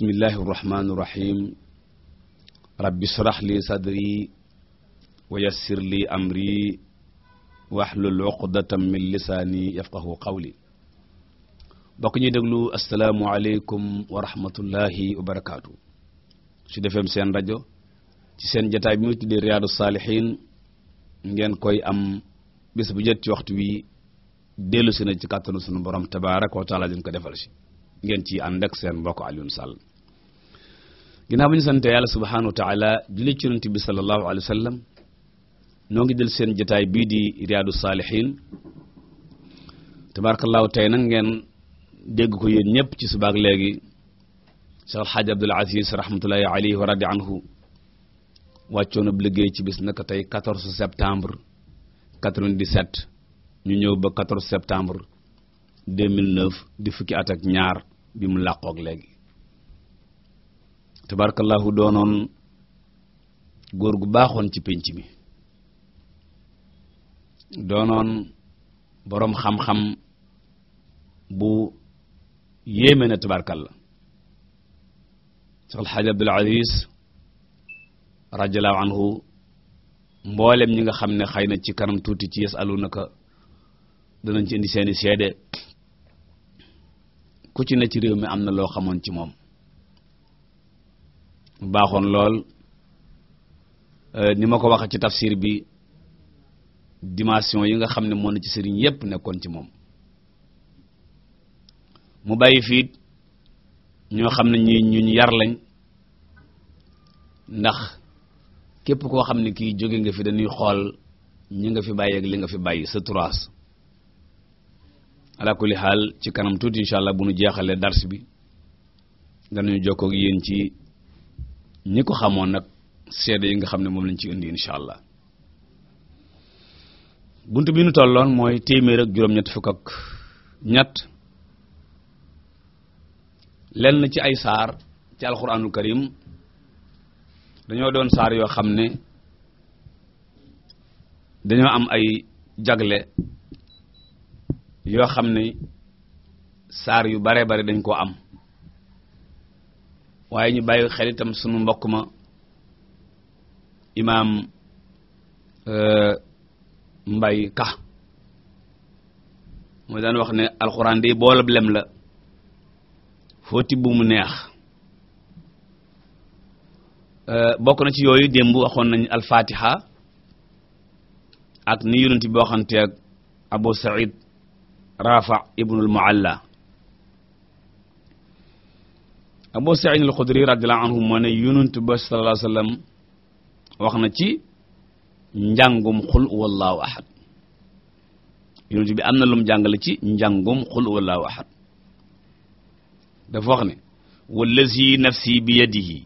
bismillahi irrahmani irrahim rabbi shrah li sadri wa yassir li amri wahlul uqdatan min lisaani yafqahu qawli bokk ñuy déglu asalaamualeykum wa rahmatullahi wa barakaatu su defeem seen rajo ci seen jataay bi mu tuddee riyaadu saalihiin ngeen koy am bés bu jot ci waxtu wi dellu si na ci kàttanu sunu borom tabaaraka wa taala dañ ko defal ngeen ci ànd ak seen mbokk Alioune Sall ginnaaw bi ñu sante yàlla subhanahu wa taala julli ci yonent bi sallallahu alayhi wa sallam noo ngi jël seen jotaay bii di riyaadu saalihiin tabarakallahu tey nag ngeen dégg ko yéen ñëpp ci subaak léegi Cheikh Alxaaji Abdul Aziz rahmatullahi alayhi wa radi anhu wàccoon bu liggéey ci bis naka tey 14 septembre 97 ñu ñëw ba 14 septembre 2009 di fukki at ak ñaar bi mu làqoog léegi tabarakallahu doonoon góor gu baaxoon ci pénc mi doonoon boroom xam-xam bu yéeme na tabarakallah Seex Alxaaji Abdul Aziz radiyallahu anhu mboolem ñi nga xam ne xëy na ci kanam tuuti ci yasalunaka danañ ci indi seeni seede ku ci ne ci réew mi am na loo xamoon ci moom baaxoon lool euh, ni ma ko waxee ci tafsir bi dimension yi nga xam ne moom na ci sëriñ yépp nekkoon ci moom mu bàyyi fiit ñoo xam ne ñi ñuñ yar lañ ndax képp koo xam ne kii jóge nga fi dañuy xool ñi nga fi bàyyi ak li nga fi bàyyi sa turaas ala kulli xaal ci kanam tuuti incha allah bu nu jeexalee dars bi danañu jokkoo ak yéen ci ñi ko xamoon nag seede yi nga xam ne moom lañ ci indi incha allah bunt bi ñu tolloon mooy téeméer ak juróom-ñett fukk ak ñett lenn ci ay saar ci alxuraanul karim dañoo doon saar yoo xam ne dañoo am ay jagle yoo xam ne saar yu bare bare dañ koo am waaye ñu bàyyi xel itam sunu mbokk ma imaam euh, mbay ka moo daan wax ne alxuraan day boolab lem la foo tibb mu neex euh, bokk na ci yooyu démb waxoon nañu alfaatiha ak ni yonent bi waxante ak abu said rafa ibnul mualla Abu Sa'id al-Khudri radiyallahu anhu moo ne yonent ba sallallahu alayhi wasallam wax na ci njàngum xul wallahu ahad yonent bi am na lum jàngale ci njàngum xul wallahu ahad dafa wax ne wallazi nafsi bi yadihi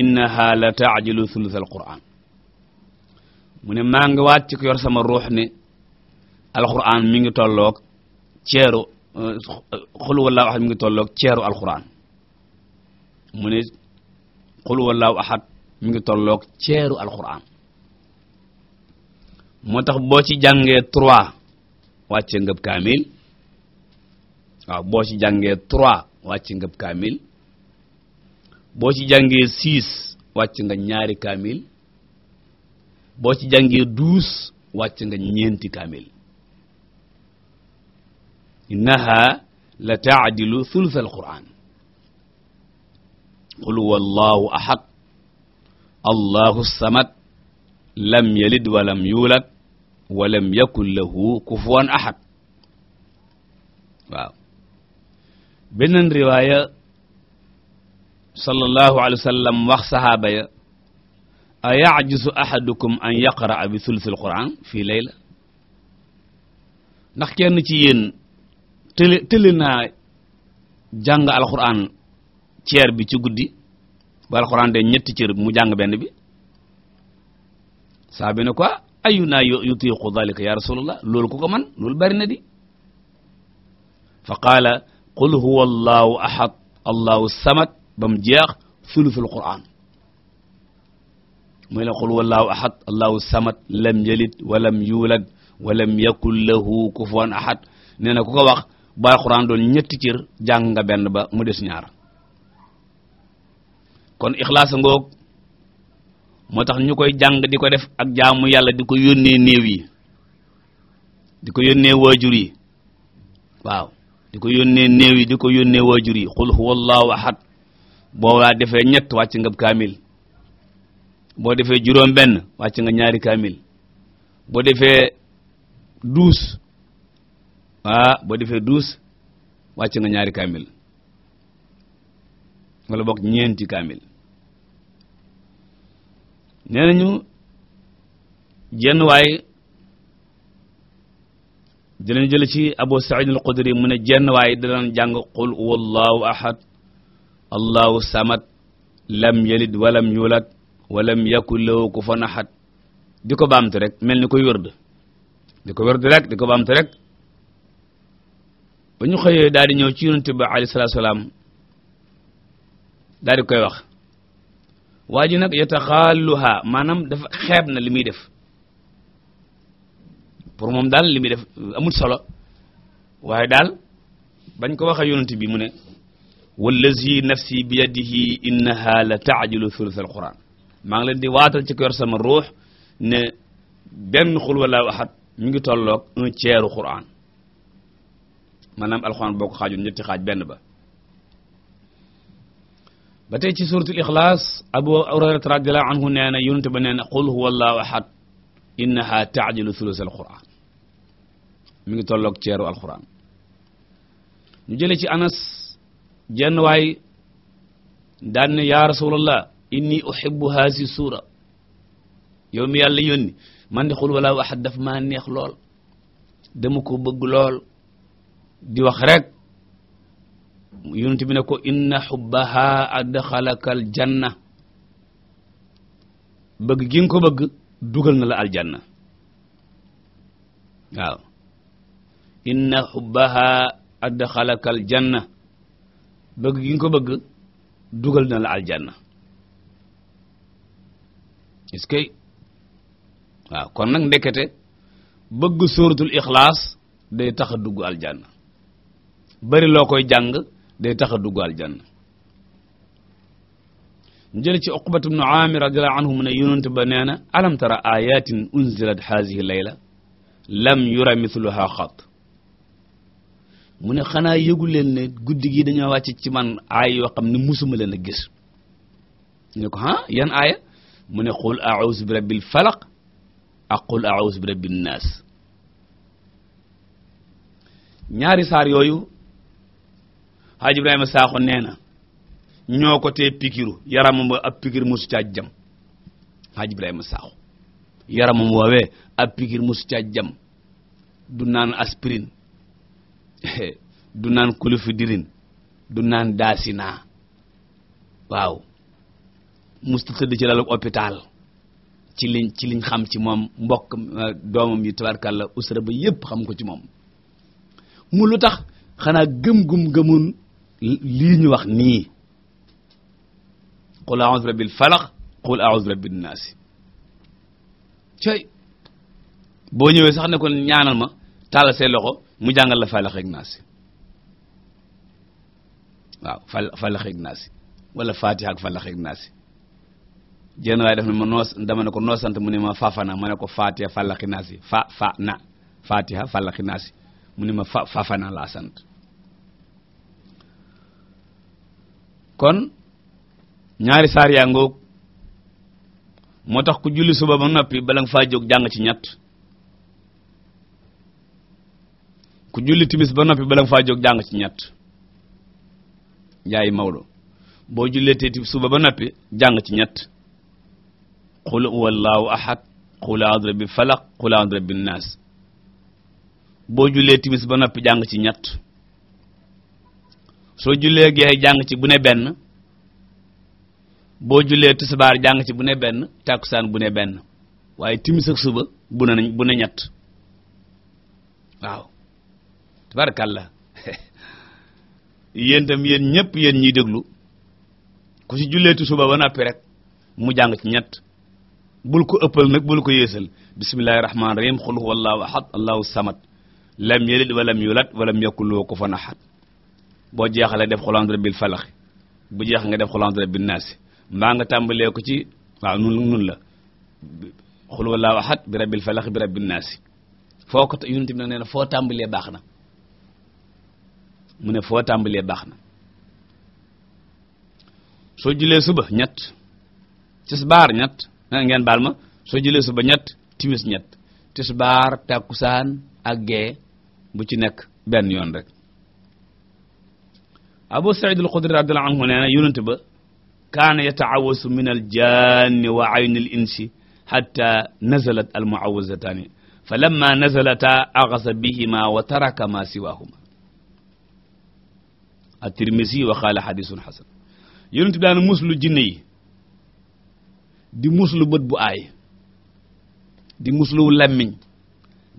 innaha la ta'jilu thuluth al-Qur'an mu ne maa ngi waat ci ko yor sama ruux ne alquran mi ngi tolloog ceeru xul euh, wallahu ahad mi ngi tolloog ceeru alquran mu ne xul wallaahu ahad mi ngi tolloog ceeru alquran moo tax boo ci jàngee trois wàcce ngëb kaamil waaw boo ci jàngee trois wàcce ngëb kaamil boo ci jàngee six wàcc nga ñaari kaamil boo ci jàngee douze wàcc nga ñeenti kaamil innaha la taadilu thuluth alquran qul wallahu ahad allahu samad lam yalid walam yulad walam yakun lahu kufuwan ahad waaw beneen riwaaya sallallahu alayhi wa sallam wax saxaaba ya a yajisu ahadukum an yaqraa bi thuluthil quran fii layla ndax kenn ci yéen tële tële naa jàng alquran ceer bi ci guddi bu alxuraan de ñetti cër mu jàng benn bi saa bi ne ko ayuna yutiqu dhalika ya rasulullah loolu ku ko man loolu bari na di fa qaala qul huwa allahu ahad allahu samad ba mu jeex thuluthul qur'an muy la qul huwa allahu ahad allahu samad lam yalid wa yulad wa yakul lahu kufuwan ahad nee na ku ko wax bu alxuraan doon ñetti cër jàng nga benn ba mu des ñaar kon ixlaas ngoog moo tax ñu koy jàng di ko def ak jaamu yàlla di ko yónnee néew yi di ko yónnee waajur yi waaw di ko yónnee néew yi di ko yónnee waajur yi xul huwallahu ahad boo waa defee ñett wàcc nga kaamil boo defee juróom benn wàcc nga ñaari kaamil boo defee douze ah boo defee douze wàcc nga ñaari kaamil wala bokk ñeenti kaamil nee nañu jenn waay dinañ jële ci abu said al xudri mu ne jenn waay danañ jàng qul wallahu ahad allahu samad lam yalid walam yulad walam yakul lahu kufuwan ahad di ko baamtu rek mel ni koy wërd di ko wërd rek di ko baamtu rek ba ñu xëyee daal ñëw ci yonente ba alayhi salaatu salaam daal koy wax waa ji nag yataxaaluha maanaam dafa xeeb na li muy def pour moom daal li muy def amul solo waaye daal bañ ko waxee yonent bi mu ne wallazi nafsi bi yadihi innaha la ta'jilu thuluth alquran maa ngi leen di waatal ci ko sama ruux ne benn xul wala waxat mi ngi tollook un tiers quran maanaam alquran boo ko xaajoon ñetti xaaj benn ba ba tey ci suratul ixlaas abu hurayrata radiyallahu anhu nee na yonent ba nee na qul huwa allahu ahad innaha ta'dilu thuluth alquran mi ngi tolloog ceeru alquran ñu jële ci anas jenn waay daan ne ya rasulallah inni uhibbu haasi suura yow mi yàlla yónni man di xul wala ahad daf maa neex lool dama ko bëgg lool di wax yonent bi ne ko inna xubbaha adxalaka aljanna bëgg gi ko bëgg dugal na la aljanna waaw inna xubbaha adxalaka aljanna bëgg gi ko bëgg dugal na la aljanna est que waaw kon nag ndekete bëgg suratul ixlaas day tax dugg aljanna bari loo koy jàng day tax a dugg aljanna ñu jël ci uqbat ibnu amir radiyallahu anhu mu ne yonent ba nee na alam tara ayatin unzilat hazihi layla lam yura mithluha xat mu ne xanaa yëgu leen ne guddi gi dañoo wàcc ci man aay yoo xam ne musuma leen a gis ñu ne ko ah yan aaya mu ne qul a'udhu bi rabbil falaq ak qul a'udhu bi rabbin nas ñaari saar yooyu Haaj Ibrahima Sakho nee na ñoo ko tee pikiru yaramam ab pikir mosu caa jam Haaj Ibrahima Sakho yaramam woowee ab pikir mosu caa jam du naan aspirine du naan clofidrine du naan daasina waaw musta tëdd ci lalu hôpital ci liñ ci liñ xam ci moom mbokk euh, doomam yi tabarkàlla usra ba yépp xam ko ci moom mu lu tax xanaa gëm-gum gëmun lii ñu wax nii qul a'udhu bi rabbil falaq qul a'udhu bi rabbin naas cay boo ñëwee sax ne ko ñaanal ma tàllal say loxo mu jàngal la falaq naas waaw fal naas wala fatiha ak falaq ak naas waaye def na ma noos dama ne ko noosant mu ne ma fafana ma ne ko fatiha falaq naas fa fa na fatiha falaq naas mu ne ma fa fafana laa sant kon ñaari saar yaa ngoog moo tax ku julli suba ba noppi bala nga faa jóg jàng ci ñett ku julli timis ba noppi bala nga faa jóg jàng ci ñett yaayi Maodo boo jullee tey suba ba noppi jàng ci ñett qul huwallahu ahad qul a'udhu birabbil falaq qul a'udhu birabbin nas boo jullee timis ba noppi jàng ci ñett soo jullee gee jàng ci bu ne benn boo jullee tisbaar jàng ci bu ne benn tàkkusaan bu ne benn waaye timis suba bu ne nañ bu ñett waaw tabarakallah yéen tam yéen ñëpp yéen ñiy déglu ku ci julleeti suba ba noppi rek mu jàng ci ñett bul ko ëppal nag bul ko yéesal bismillahir rahmanir rahim qul huwallahu ahad allahu samad lam yalid walam yulad walam ko lahu kufuwan ahad boo jeexalee def xul a'uuzu bi rabbil falaq bu jeex nga def xul a'uuzu bi rabbin mbaa nga tàmbalee ko ci waaw nun nun la xul wallaahu ahad bi rabbil falaq bi rabbin naas foo ko yonent bi nag nee na foo tàmbalee baax na mu ne foo tàmbalee baax na soo julee suba ñett tisbaar ñett ngeen baal ma soo julee suba ñett timis ñett tisbaar takkusaan ak gee bu ci nekk benn yoon rek abu said al xudri radiyallahu anhu nee na yonent ba kaana yata'awwasu min al janni wa ayni al insi hatta nazalat al mu'awwazatani fa lamma nazalata aghasa bihima wa taraka ma siwahuma at-Tirmidhi wa qala hadithun hasan yonent bi daan muslu jinne yi di muslu bët bu aay di muslu lammiñ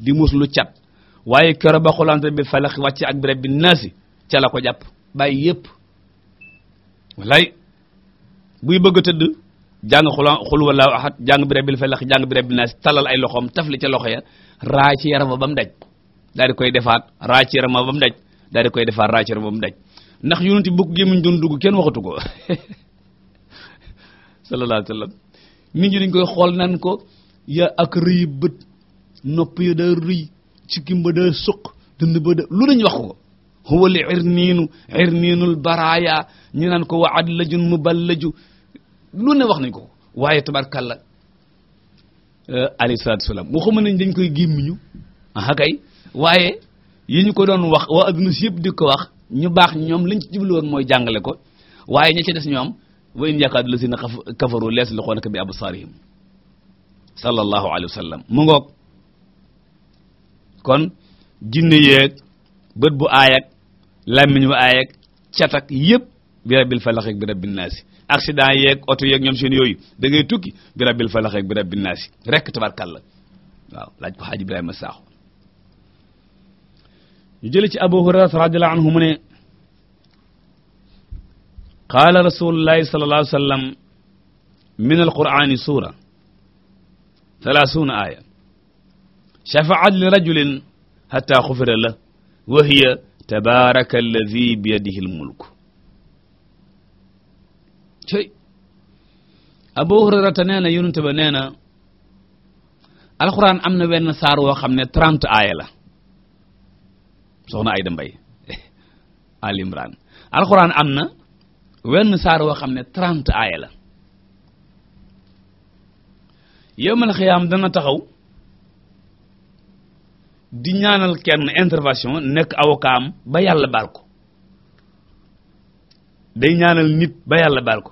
di muslu cat waaye kero ba xulante bi falax wàcc ak bi rabbi naasi ca la ko jàpp bàyyi yépp walay buy bëgg a tëdd jàng xula xul wallahu ahad jàng bi rabbil falaq jàng bi na nas ay loxoom tafli ca loxo ya raa ci yarama ba daj daal di koy defaat raa ci a ba mu daj daal di koy defaat raa ci yarama ba mu daj ndax yonent bi bokk gémmiñ doon dugg kenn waxatu ko sallallahu alayhi wa sallam nit ñi dañ koy xool nan ko ya ak rëyi bët nopp ya daa rëy ci kimba daa suq dënd ba da lu dañ wax ko huwa li irniinu irniinul baraaya ñu naan ko wa adlajun muballaju lu ne wax nañ ko waaye tabarkàlla euh, alayhi salaatu wasalaam waxuma nañ dañ koy gémmiñu aha kay waaye yi ñu ko doon wax waa adduna si yëpp di ko wax ñu baax ñoom lañ ci jublu woon mooy jàngale ko waaye ñu ci des ñoom wa in yakaadu lazina kafaru lees la xoonaka bi absaarihim sallallahu alayhi mu ngoog kon jinne yeeg bët bu aayak làmmiñ bu aayak catak yëpp bi rabbil falax ak bi rabbin naasi accident yeeg oto yeeg ñoom seen yooyu da ngay tukki bi rabbil falax bi rabbin naasi rek tabarkalla waaw laaj ko xaaj Ibrahima Sakho ñu jële ci Abu Hurayra radiyallahu anhu mu ne qaala rasulullahi sallallahu alayhi min alqur'ani suura talaasuuna aaya shafaat li rajulin hatta xufira la wa hiya tabaraka alladi bi yadihi almulk cey abu hurairata nee na yonente ba nee na alxuraan am na wenn saar woo xam ne trent aaya la soxna Ayda Mbay Al Imran alxuraan am na wenn saar woo xam ne trent aaya la yawmal dana taxaw di ñaanal kenn intervention nekk avocat am ba yàlla baal ko day ñaanal nit ba yàlla baal ko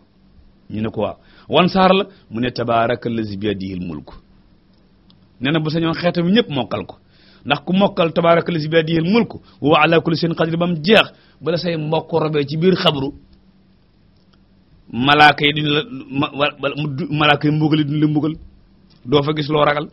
ñu ne ko waaw wan saar la mu ne tabaarakallazi biyadihil mulk nee na bu sañoon xeetam ñëpp mokkal ko ndax ku mokkal tabaarakallazi biyadihil mulk wa ala kulli seen qadir ba mu jeex bala say mbokk robee ci biir xabru malaaka yi duñu la malaaka mbugal yi duñu la mbugal doo fa gis loo ragal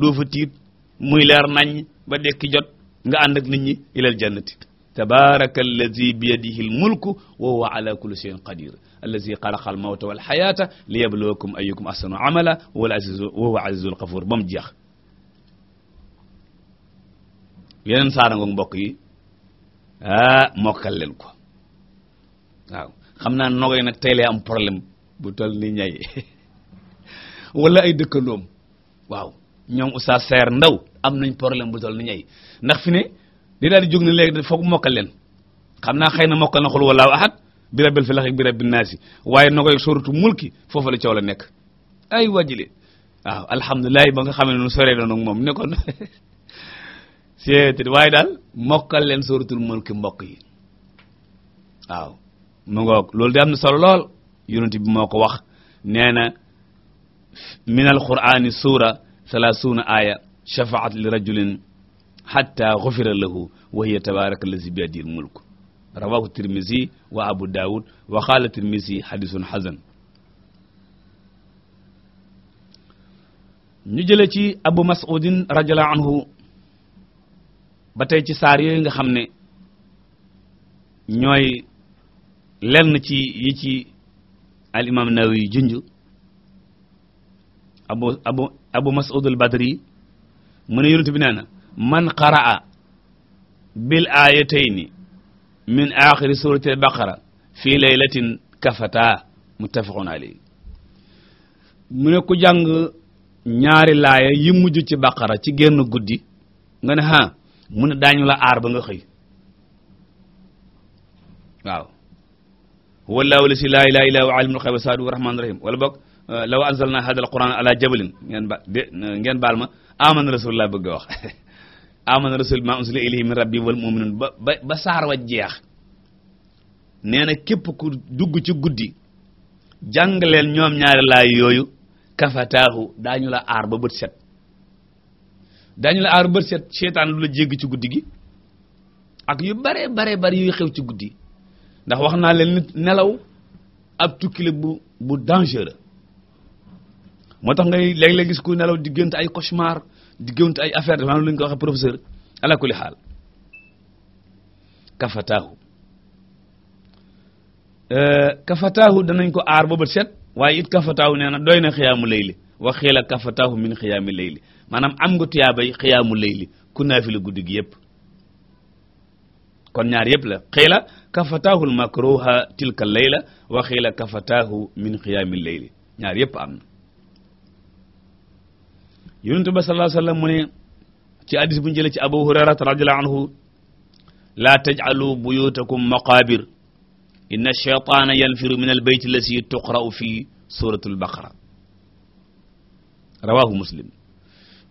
doo fa tiit muy leer nañ ba dekki jot nga ànd ak nit ñi ilal jannati tabaraka allazi biyadihi wa huwa ala kulli shay'in qadir allazi xalaqa almawta wal hayata liyabluwakum ayyukum ahsanu amala wal azizu wa huwa mu jeex yeneen saarango mbokk yi ah mokkal leen ko waaw xam naa nogoy nag lay am problème bu tol ni ñay wala ay dëkkandoom waaw ñoom Oustaz Seer Ndaw am nañ problème bu toll ni ñay ndax fi ne di daal di jóg ne léegi foog mokkal leen xam naa xëy na mokkal na xul walaaw ahad bi rabbil falaq ak bi rabbin naasi waaye na koy sóoratu mulki foofu la coow la nekk ay wajile waaw ba nga xam ne moom ne kon seetit waaye daal mokkal leen sóoratul mulki mbokk yi waaw mu ngoog loolu de am na solo lool yonent bi moo ko wax nee na min alqurani suura salaasuuna aaya shafaat li rajulin hatta ghufira lahu wa hiya tabaraka allazi bi yadihi mulk rawahu tirmizi wa abu daud wa qala tirmizi hadithun hasan ñu jële ci abu mas'udin radiyallahu anhu ba tey ci saar yooyu nga xam ne ñooy lenn ci ci al imam Nawawi junj abu abu al badri mu ne yonent bi nee na man qaraa bil aayatayni min aaxiri suurati baqara fii laylatin kafataa muttafaqun alayhi mu ne ku jàng ñaari laaya yi mujj ci baqara ci génn guddi nga ne ha mu ne daañu la aar ba nga xëy waaw wallaahu la si laa ilaaha illaa huwa aalimul xaybi wa saadu rahmaani rahiim wala uh, anzalna haadal ala jabalin ngeen baal ma amana rasul laa bëgg a wax amana rasul maa unsila ilayhi min rabbi wal mu'minun ba ba ba saar jeex nee na képp ku dugg ci guddi jàngaleel ñoom ñaari laay yooyu kafataahu daañu la aar ba bët set la aar ba seetaan lu la jégg ci guddi gi ak yu bare bare bare yuy xew ci guddi ndax wax naa leen nit nelaw ab tukki bu bu dangereux moo tax ngay léeg-léeg gis ku nelaw diggante ay cauchemar di géwnt ay affaire dafa am lu ñu ko waxee professeur ala kulli xaal kafataahu euh, kafataahu danañ ko aar ba set waaye it kafataahu nee na doy na xiyaamu layli wa xiila kafataahu min xiyaami layli maanaam am nga tuyaabay xiyaamu layli ku naafi la guddi gi yëpp kon ñaar yëpp la xiila kafataahul makruha tilka layla wa xiila kafataahu min xiyaami layli ñaar yëpp am na yonentu ba sallallahu alayhi wasallam mu ne ci hadis bu ñu jëlee ci abu hurayrata radiyallahu anhu laa taj'alu buyutakum maqabir inna ash-shaytana yanfiru min al-bayti allati tuqra'u fi suratul baqara rawahu muslim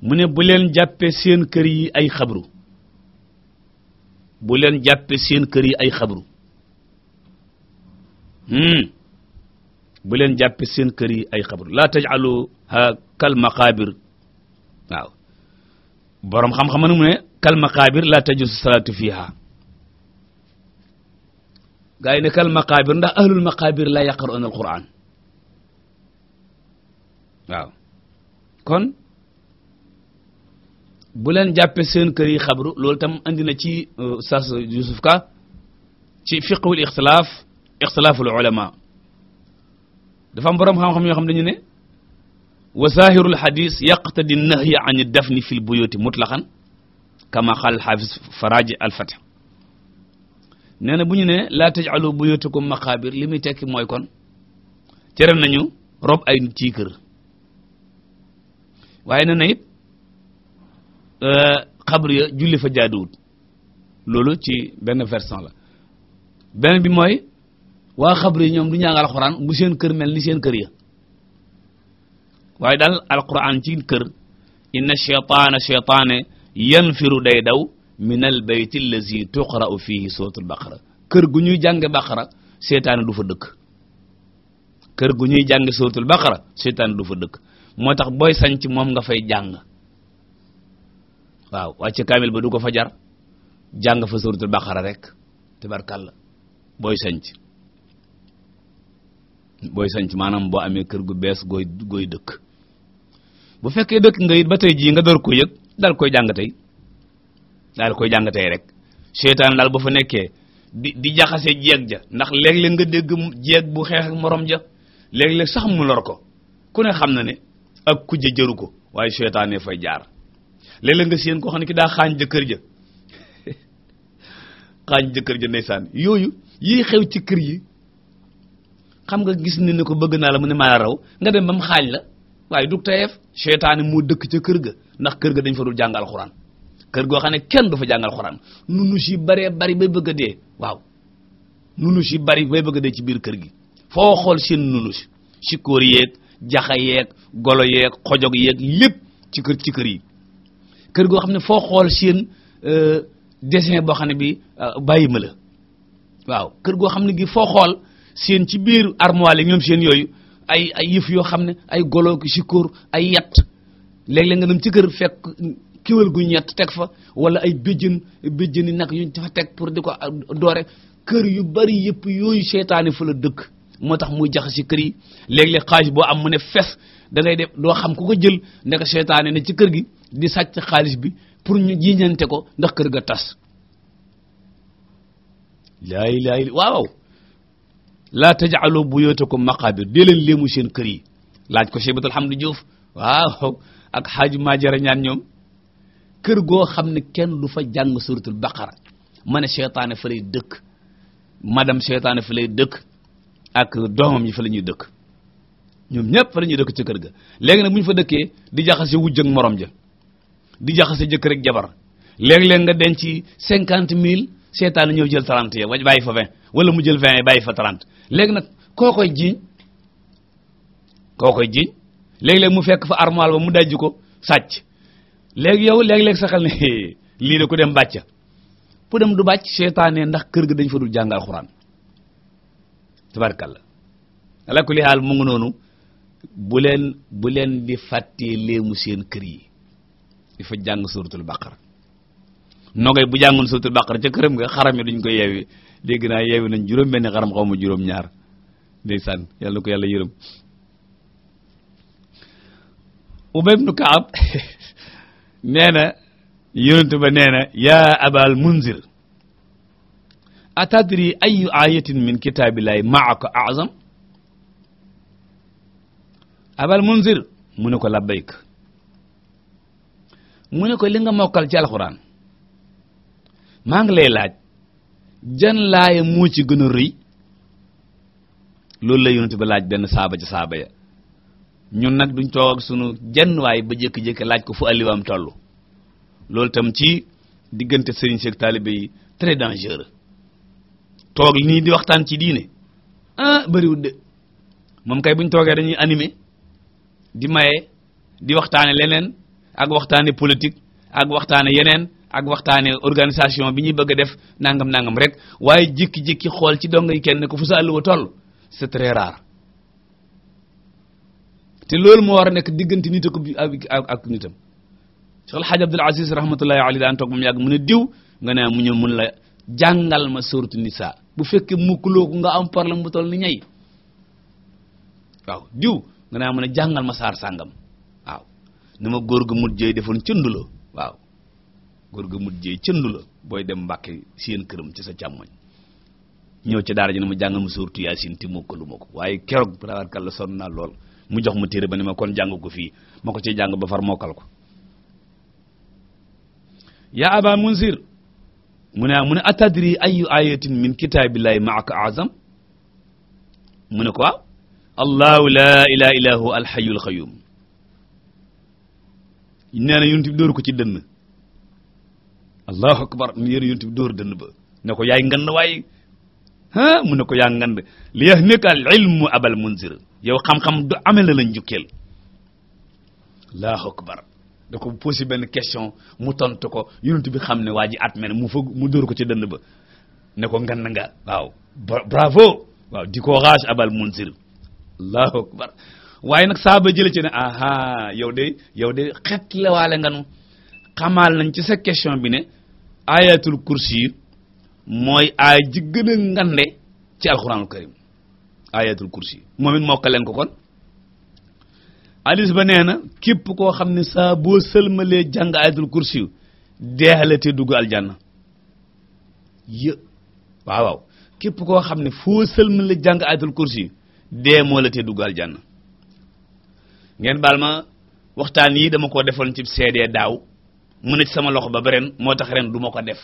mu ne bu leen jàppe seen kër yi ay xabru bu leen jàppe seen kër yi ay xabru hmm. bu leen jàppe seen kër yi ay xabru laa taj'alu ha kal maqabir waaw boroom xam-xam nag mu ne kal maqaabir la tajus salaatu fiha gaa yi ne kal maqaabir ndax ahlul maqaabir la yaqra'una alquran waaw kon bu leen jàppe seen kër yi lool loolu tam andi na ci euh, sas Yusuf Ka ci fiqhul ixtilaaf ixtilaaful ulama dafa am boroom xam yoo xam dañu ne wa zahirul hadis yaqtadi nahyi an dafni fil buyuti mutlaqan kama xaal xaafis faraji al fath nee na bu ñu ne laa taj'alu buyutakum maqabir li muy tekki mooy kon tere nañu rob ay ci kër waaye nee na it euh, xabru ya julli fa jaaduwut loolu ci benn version la benn bi mooy waa xabru ñoom du ñaangal alxuraan bu seen kër mel ni seen kër ya waaye daal alquran ci kër inna shaytaana shaytaane yanfiru day daw min al bayt allazi tuqra'u fihi suratul baqara kër gu ñuy jànge baqara seytaane du fa dëkk kër gu ñuy jànge suratul baqara seytaane du fa dëkk moo tax booy sanc moom nga fay jàng waaw wàcce kaamil ba du ko fa jar jàng fa suratul baqara rek tabarkalla booy sanc booy sanc maanaam boo amee kër gu bees gooy gooy dëkk bu fekkee dëkk nga it ba tey jii nga door ko yëg daal koy jàng tey daal koy jàng tey rek seytaan daal bu fa nekkee di di jaxase jeeg ja ndax léeg-léeg nga dégg jeeg bu xeex ak morom ja léeg-léeg sax mu lor ko ku ne xam na ne ak ku ja jëru ko waaye seytaane fay jaar léeg-léeg nga séen koo xam ne ki daa xaañ jëkkër ja xaañ jëkkër ja ndeysaan yooyu yi xew ci kër yi xam nga gis ne ne ko bëgg naa la mu ne maa la raw nga dem ba mu xaañ la waaye dug tayeef seytaane moo dëkk ca kër ga ndax kër ga dañ fa dul jàng alxuraan kër goo xam ne kenn du fa jàng alxuraan nunu si baree bari bay bëgg a dee waaw nunu si bari bay bëgg a dee ci biir kër gi foo xool seen nunu si sikóor yeeg jaxa yeeg golo yeeg xojog yeeg lépp ci kër ci kër yi kër goo xam ne foo xool seen euh, dessin boo xam ne bi euh, bàyyi ma la waaw kër goo xam ne gi foo xool seen ci biir armoire yi ñoom seen yooyu ay ay yëf yoo xam ne ay golo ki sikóor ay yat léeg-léeg nga dem ci kër fekk kiwal gu ñett teg fa wala ay béjjën béjjëni nag yuñ fa teg pour di ko ah, doore kër yu bari yëpp yooyu seetaane fu la dëkk moo tax muy jax ci kër yi léeg-léeg xaalis boo am mu ne fes da ngay def doo xam ku ko jël ndeka seetaane ne ci kër gi di sàcc xaalis bi pour ñu jiñante ko ndax kër ga tas laay laay waaw laa taj'alu buyutakum maqabir dee leen léemu seen kër yi laaj ko Cheikh Alhamdu Diouf waaw ak xaaju Maajara ñaan ñoom kër goo xam ne kenn du fa jàng suratul baqara ma ne seytaane fa lay dëkk madame seytaane fa lay dëkk ak doomam yi fa la ñuy dëkk ñoom ñëpp fa la ñuy dëkk ci kër ga léegi nag mu ñu fa dëkkee di jaxase wujj ak morom ja di jaxase jëkkër ak jabar léeg-léeg nga denc cinquante mille seytaane ñëw jël trente ya waj bàyyi fa vingt wala mu jël vingt yi bàyyi fa trente léegi nag koo koy jiiñ koo koy jiiñ léegi-léeg mu fekk fa armoire ba mu dajj ko sàcc léegi yow léegi-léeg sa xel ne lii de ku dem bàcca pu dem du bàcc seytaane ndax kër gi dañ fa dul jàng alxuraan tabarkalla ala kulli haal mu ngi noonu bu leen bu leen di fàttee léemu seen kër yi di fa jàng suratul baqara nogay bu jàngoon suratul baqara ca këram nga xaram yi duñ ko yeewi dégg naa yeewi nañ juróom benn xaram xaw ma juróom ñaar ndeysaan yàlla ko yàlla yërëm Ubay ibn Kaab nee na yonent ba nee na yaa abal munzir atadri ayu ayatin min kitaabillahi maaka azam abal munzir mu ne ko labbayk mu ne ko li nga mokkal ci alxuraan maa ngi lay laaj jan laaya moo ci gën a rëy loolu la yonent ba laaj benn saaba ci saaba ya ñun nag duñ toog sunu jenn waay ba jékki-jékki laaj ko fu alliwaam toll loolu tam ci diggante sëriñ seeg taalibe yi très dangereux toog nii di waxtaan ci diine ah bëriwul de moom kay buñ toogee dañuy anime di maye di waxtaane leneen ak waxtaane politique ak waxtaane yeneen ak waxtaane organisation bi ñuy bëgg a def nangam nangam rek waaye jékki-jékki xool ci dong yi kenn ku fu sa àlluwa toll c'est très te lool moo war a nekk diggante nit ak ak ak nitam Cheikh El Hadj Abdoul Aziz rahmatullahi alayhi daan toog moom yàgg mu ne diw nga ne mu ñëw mun la jàngal ma sourate Nisaa bu fekkee mukkuloo ko nga am problème bu toll ni ñay waaw diw nga ne mën a jàngal ma sar sàngam waaw ni ma góor gu mujjee defoon cënduloo waaw góor ga mujjee cëndu la booy dem mbàkke seen këram ci sa càmmoñ ñëw ci daara ji ne ma jàngal mu suurtu yaasin te mokkalu ma ko waaye keroog tabaarkalla la sonn naa lool mu jox ma téere ba ne ma kon ko fii ma ko ci jàng ba far mokal ko yaa aba munsir mu ne ah, mu ne atadri ayu ayatin min kitaabillahi maaka azam mu ne ko waaw ah, allahu laa ilaha illa huwa alhayyul qayyum nee na yunti dóor ko ci dënn allahu akbar mu yëre yonent bi dóor dënn ba ne ko yaay ngand waaye ah mu ne ko yaa ngand li yahnika al ilmu abal munzir yow xam-xam du amee la la njukkeel allahu akbar da ko posé benn question mu tontu ko yonent bi xam ne waa ji at mel mu fëgg mu dóor ko ci dënn ba ne ko ngand nga waaw bravo waaw di courage abal munzir allahu akbar waaye nag saaba jële ci ne aha yow de yow de xet la waale nganu xamaal nañ ci sa question bi ne ayatul kursi mooy aay ji gën a ngande ci alxuraanul karim ayatul kursi moom it mokka leen ko kon alis ba nee na képp koo xam ne saa boo sëlmalee jàng ayatul kursi deexale képp koo xam ne foo sëlmalee jàng ayatul kursi dee moo la te dugg aljanna ngeen baal ma waxtaan yi dama ko defoon ci seedee daaw mu ne sama loxo ba ba ren moo tax ren duma ma ko def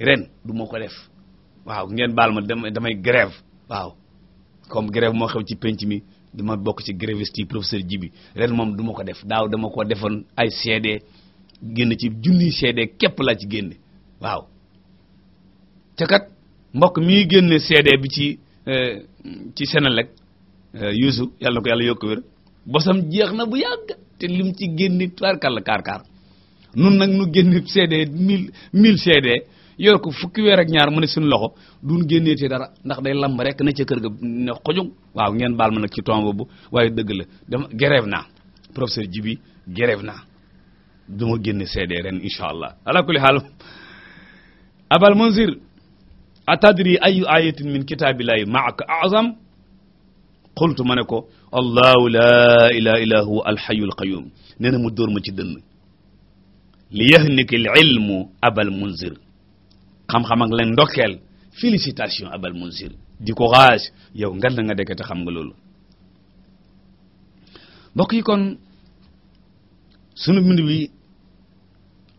ren duma ko def waaw ngeen baal ma damay grève waaw comme grève moo xew ci penc mi dama bokk ci gréviste yi professeur Djibi ren moom duma ko def daaw dama ko defoon ay sede génn ci junniy CD képp laa ci génne waaw te kat mbokk mi génne CD bi ci euh, ci Senelec euh, Youssou yàlla na ko yàlla yokk wér bosam jeex na bu yàgg te lim ci génni tubaarkàlla kaar kaar nun nag nu génne CD mille mille CD yor ko fukki weer ak ñaar mu ne suñu loxo duñ génneeti dara ndax day lamb rek na ca kër ga ne xojung waaw ngeen baal ma nag ci tomb bu waaye dëgg la dama grève naa professeur Djibi grève naa du ma génne CD ren incha allah ala kulli haal abal munzir atadri ayu ayatin min kitaabillahi maaka azam qultu ma ne ko allahu la ilaha illa huwa alhayyul qayyum nee mu dóor ma ci dënn li yahniki al ilmu abal munzir xam-xam ak leen ndokkeel félicitation abal munzir di courage yow ngan na nga dekk te xam nga loolu mbokk yi kon sunu mbind bi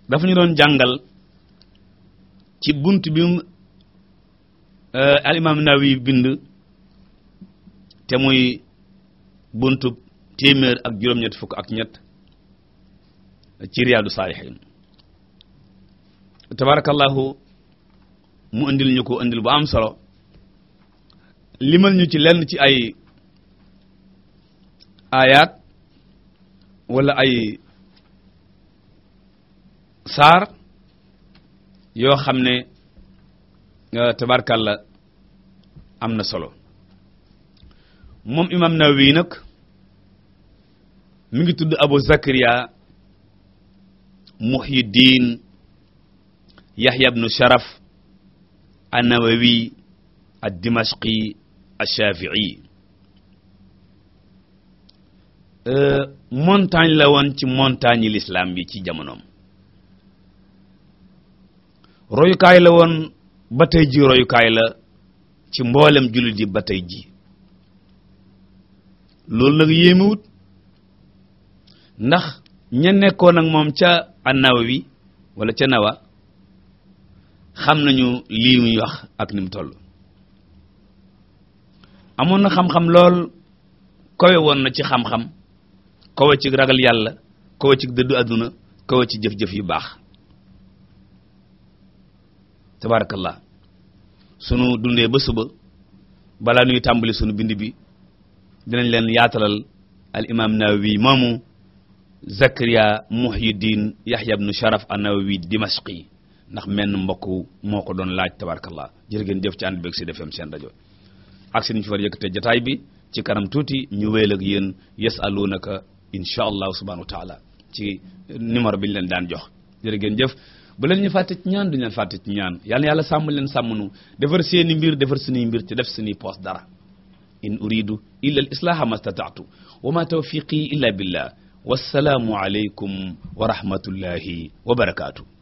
dafa ñu doon jàngal ci bunt bi mu euh, al imam Nawawi bind te moy buntu téeméer ak juróom-ñett fukk ak ñett ci Riyadu Saalihiin tabarakallahu mu indil ñu ko indil bu am solo limal ñu ci lenn ci ay ayaat walla ay saar yoo xam ne tabarkalla am na solo moom imam Nawawi nag mi ngi tudd Abu Zakariya Muhyiddin yahya ibn sharaf an-nawawi ad-dimashqi ash-shafi'i euh, montagne la woon ci montagne l'islam bi ci jamonoom royukaay la woon ba tey ji royukaay la ci mboolem jullit yi ba tey ji loolu nag yéemewut ndax ña nekkoon ak moom ca an-Nawawi wala ca nawa xam nañu lii muy wax ak ni mu toll amoon na xam-xam lool kowe woon na ci xam-xam kowe ci ragal yàlla kowe ci dëddu àdduna kowe ci jëf-jëf yu baax tabarakallah sunu dundee ba suba balaa nuy tàmbali sunu bind bi dinañ leen yaatalal al imam nawawi moomu zakariya muhyiddin yahya ibn sharaf an-nawawi dimashqi ndax menn mbokk moo ko doon laaj tabarakallah jërë ngeen jëf ci ànd beeg Sud FM seen rajo ak si ñu fi war yëkkate jotaay bi ci kanam tuuti ñu wéyal ak yéen yasalunaka insha allahu subhanahu wa taala ci numéro bi ñu leen daan jox jërë ngeen jëf bu leen ñu fàtte ci ñaan du ñu leen fàtte ci ñaan yàlla yàlla sàmm leen sàmm nu defar seeni mbir defar suñuy mbir ci def suñuy poos dara in uridu illa al islaha mastata'tu wa ma tawfiqi illa billah wassalaamu alaykum wa rahmatullahi wa barakatuh